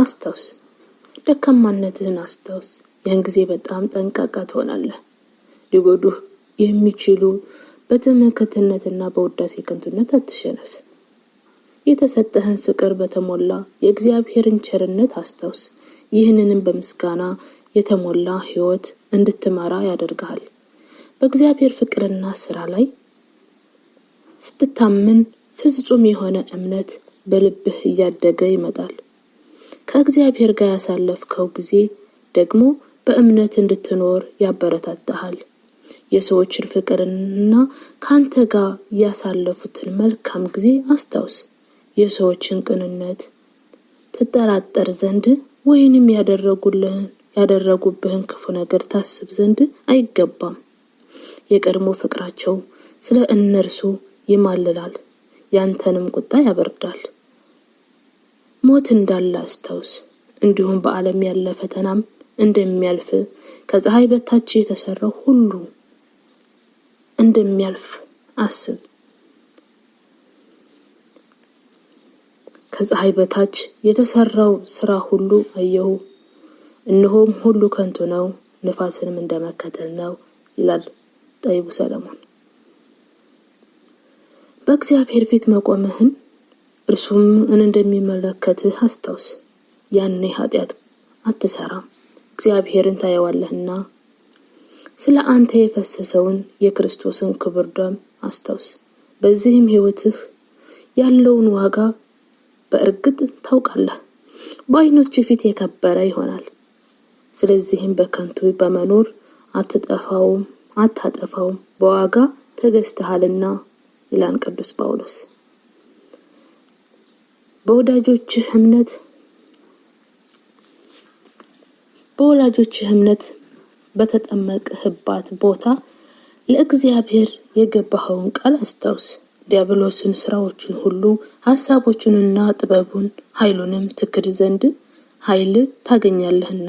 አስታውስ፣ ደካማነትህን አስታውስ። ያን ጊዜ በጣም ጠንቃቃ ትሆናለህ። ሊጎዱህ የሚችሉ በትምክህትነትና በውዳሴ ከንቱነት አትሸነፍ። የተሰጠህን ፍቅር በተሞላ የእግዚአብሔርን ቸርነት አስታውስ። ይህንንም በምስጋና የተሞላ ህይወት እንድትመራ ያደርግሃል። በእግዚአብሔር ፍቅርና ስራ ላይ ስትታመን ፍጹም የሆነ እምነት በልብህ እያደገ ይመጣል። ከእግዚአብሔር ጋር ያሳለፍከው ጊዜ ደግሞ በእምነት እንድትኖር ያበረታታሃል። የሰዎችን ፍቅርና ካንተ ጋር ያሳለፉትን መልካም ጊዜ አስታውስ። የሰዎችን ቅንነት ትጠራጠር ዘንድ ወይንም ያደረጉልህን ያደረጉብህን ክፉ ነገር ታስብ ዘንድ አይገባም። የቀድሞ ፍቅራቸው ስለ እነርሱ ይማልላል፣ ያንተንም ቁጣ ያበርዳል። ሞት እንዳለ አስታውስ። እንዲሁም በዓለም ያለ ፈተናም እንደሚያልፍ ከፀሐይ በታች የተሰራው ሁሉ እንደሚያልፍ አስብ። ከፀሐይ በታች የተሰራው ስራ ሁሉ አየሁ፣ እነሆም ሁሉ ከንቱ ነው፣ ንፋስንም እንደመከተል ነው ይላል ጠቢቡ ሰለሞን። በእግዚአብሔር ፊት መቆምህን እርሱም እንደሚመለከትህ አስታውስ፣ ያኔ ኃጢአት አትሰራም፣ እግዚአብሔርን ታየዋለህና። ስለ አንተ የፈሰሰውን የክርስቶስን ክብር ደም አስታውስ። በዚህም ሕይወትህ ያለውን ዋጋ በእርግጥ ታውቃለህ፣ በዓይኖች ፊት የከበረ ይሆናል። ስለዚህም በከንቱ በመኖር አትጠፋውም አታጠፋውም፣ በዋጋ ተገዝተሃልና ይላል ቅዱስ ጳውሎስ። በወዳጆችህ እምነት በወላጆችህ እምነት በተጠመቅህባት ቦታ ለእግዚአብሔር የገባኸውን ቃል አስታውስ። ዲያብሎስን ስራዎቹን ሁሉ ሀሳቦቹንና ጥበቡን ኃይሉንም ትክድ ዘንድ ኃይል ታገኛለህና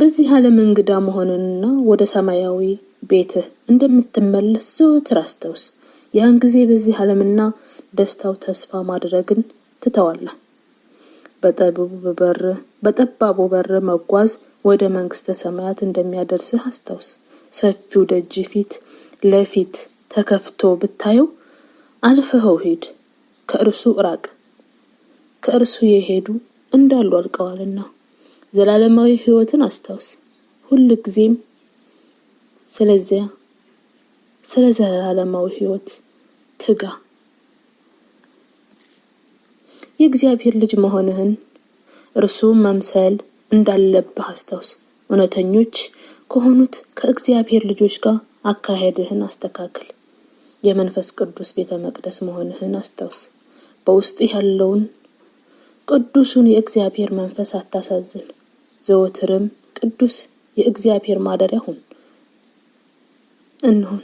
በዚህ ዓለም እንግዳ መሆንንና ወደ ሰማያዊ ቤትህ እንደምትመለስ ዘወትር አስታውስ። ያን ጊዜ በዚህ ዓለምና ደስታው ተስፋ ማድረግን ትተዋል። በጠባቡ በር መጓዝ ወደ መንግስተ ሰማያት እንደሚያደርስህ አስታውስ። ሰፊው ደጅ ፊት ለፊት ተከፍቶ ብታየው አልፈኸው ሂድ፣ ከእርሱ ራቅ። ከእርሱ የሄዱ እንዳሉ አልቀዋልና ዘላለማዊ ህይወትን አስታውስ ሁል ጊዜም ስለዚያ ስለ ዘላለማዊ ህይወት ትጋ። የእግዚአብሔር ልጅ መሆንህን እርሱ መምሰል እንዳለብህ አስታውስ። እውነተኞች ከሆኑት ከእግዚአብሔር ልጆች ጋር አካሄድህን አስተካክል። የመንፈስ ቅዱስ ቤተ መቅደስ መሆንህን አስታውስ። በውስጥ ያለውን ቅዱሱን የእግዚአብሔር መንፈስ አታሳዝን። ዘወትርም ቅዱስ የእግዚአብሔር ማደሪያ ሁን እንሁን።